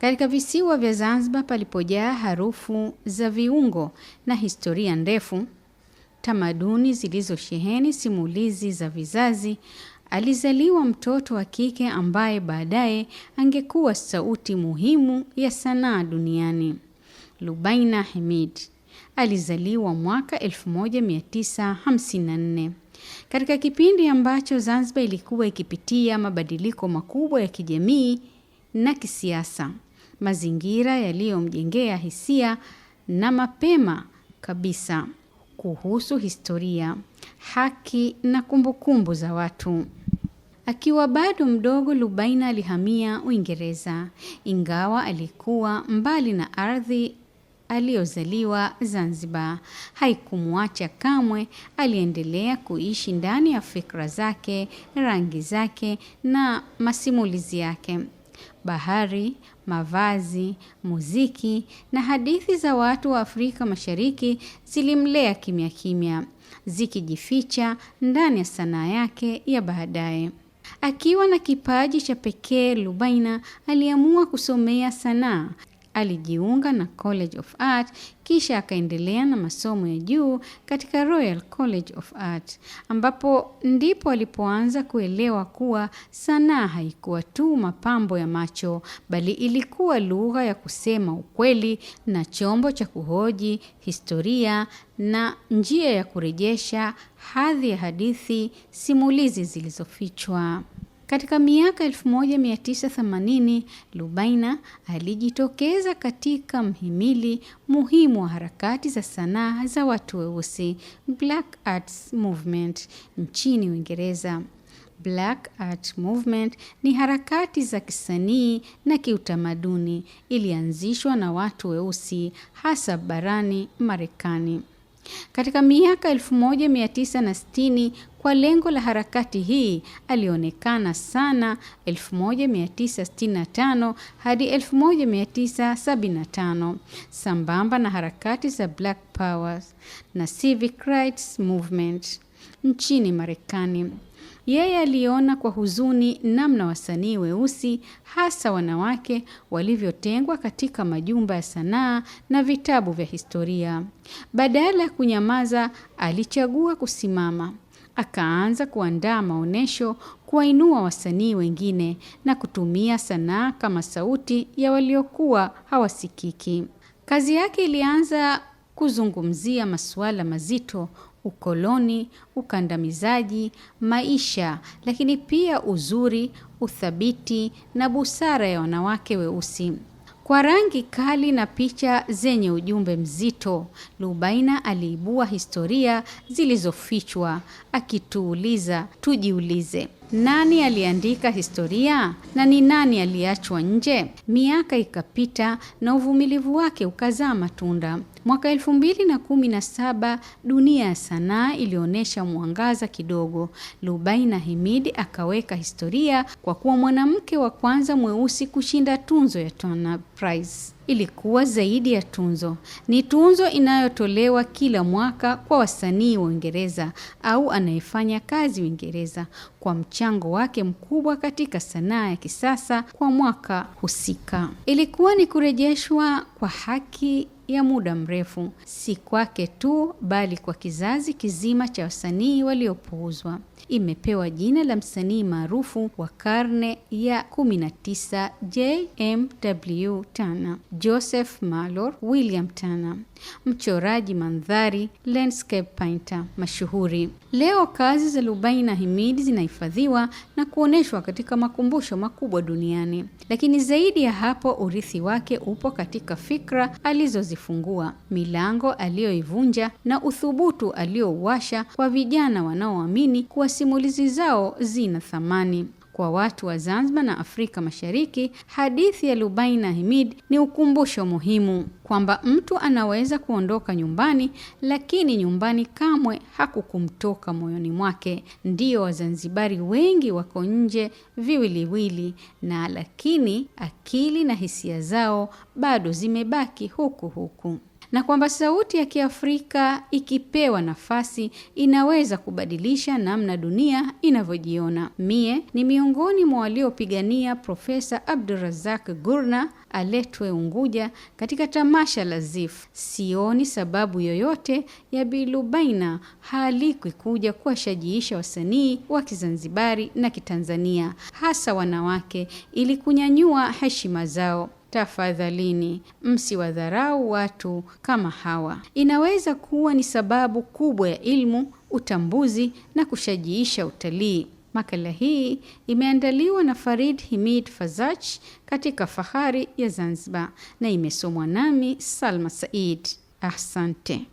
katika visiwa vya Zanzibar palipojaa harufu za viungo na historia ndefu, tamaduni zilizosheheni simulizi za vizazi, alizaliwa mtoto wa kike ambaye baadaye angekuwa sauti muhimu ya sanaa duniani. Lubaina Hamid alizaliwa mwaka 1954 katika kipindi ambacho Zanzibar ilikuwa ikipitia mabadiliko makubwa ya kijamii na kisiasa mazingira yaliyomjengea hisia na mapema kabisa kuhusu historia, haki na kumbukumbu za watu. Akiwa bado mdogo, Lubaina alihamia Uingereza. Ingawa alikuwa mbali na ardhi aliyozaliwa Zanzibar, haikumwacha kamwe. Aliendelea kuishi ndani ya fikra zake, rangi zake na masimulizi yake bahari, mavazi, muziki na hadithi za watu wa Afrika Mashariki zilimlea kimya kimya, zikijificha ndani ya sanaa yake ya baadaye. Akiwa na kipaji cha pekee, Lubaina aliamua kusomea sanaa alijiunga na College of Art kisha akaendelea na masomo ya juu katika Royal College of Art ambapo ndipo alipoanza kuelewa kuwa sanaa haikuwa tu mapambo ya macho bali ilikuwa lugha ya kusema ukweli na chombo cha kuhoji historia na njia ya kurejesha hadhi ya hadithi simulizi zilizofichwa. Katika miaka 1980 Lubaina alijitokeza katika mhimili muhimu wa harakati za sanaa za watu weusi, Black Arts Movement, nchini Uingereza. Black Art Movement ni harakati za kisanii na kiutamaduni, ilianzishwa na watu weusi hasa barani Marekani. Katika miaka 1960 kwa lengo la harakati hii alionekana sana 1965 hadi 1975, sambamba na harakati za Black Power na Civic Rights Movement nchini Marekani. Yeye aliona kwa huzuni namna wasanii weusi hasa wanawake walivyotengwa katika majumba ya sanaa na vitabu vya historia. Badala ya kunyamaza, alichagua kusimama. Akaanza kuandaa maonyesho, kuwainua wasanii wengine na kutumia sanaa kama sauti ya waliokuwa hawasikiki. Kazi yake ilianza kuzungumzia masuala mazito: ukoloni, ukandamizaji, maisha, lakini pia uzuri, uthabiti na busara ya wanawake weusi. Kwa rangi kali na picha zenye ujumbe mzito, Lubaina aliibua historia zilizofichwa, akituuliza tujiulize. Nani aliandika historia na ni nani aliachwa nje? Miaka ikapita na uvumilivu wake ukazaa matunda. Mwaka elfu mbili na kumi na saba dunia ya sanaa ilionyesha mwangaza kidogo. Lubaina Himid akaweka historia kwa kuwa mwanamke wa kwanza mweusi kushinda tunzo ya Turner Prize ilikuwa zaidi ya tunzo. Ni tunzo inayotolewa kila mwaka kwa wasanii wa Uingereza au anayefanya kazi Uingereza kwa mchango wake mkubwa katika sanaa ya kisasa kwa mwaka husika. Ilikuwa ni kurejeshwa kwa haki ya muda mrefu, si kwake tu, bali kwa kizazi kizima cha wasanii waliopuuzwa. Imepewa jina la msanii maarufu wa karne ya 19 JMW Tana, Joseph Malor William tana mchoraji mandhari, landscape painter mashuhuri. Leo kazi za Lubaina Himidi zinahifadhiwa na kuonyeshwa katika makumbusho makubwa duniani, lakini zaidi ya hapo, urithi wake upo katika fikra alizozifungua, milango aliyoivunja na uthubutu aliouwasha kwa vijana wanaoamini kuwa simulizi zao zina thamani kwa watu wa Zanzibar na Afrika Mashariki, hadithi ya Lubaina Himid ni ukumbusho muhimu kwamba mtu anaweza kuondoka nyumbani, lakini nyumbani kamwe hakukumtoka moyoni mwake. Ndiyo Wazanzibari wengi wako nje viwiliwili na, lakini akili na hisia zao bado zimebaki huku huku na kwamba sauti ya Kiafrika ikipewa nafasi inaweza kubadilisha namna dunia inavyojiona. Mie ni miongoni mwa waliopigania Profesa Abdurazak Gurna aletwe Unguja katika tamasha la ZIF. Sioni sababu yoyote ya Bilubaina haalikwi kuja kuwashajiisha wasanii wa Kizanzibari na Kitanzania, hasa wanawake, ili kunyanyua heshima zao. Tafadhalini msiwadharau watu kama hawa. Inaweza kuwa ni sababu kubwa ya ilmu utambuzi na kushajiisha utalii. Makala hii imeandaliwa na Farid Himid Fazach katika Fahari ya Zanzibar na imesomwa nami Salma Said. Asante.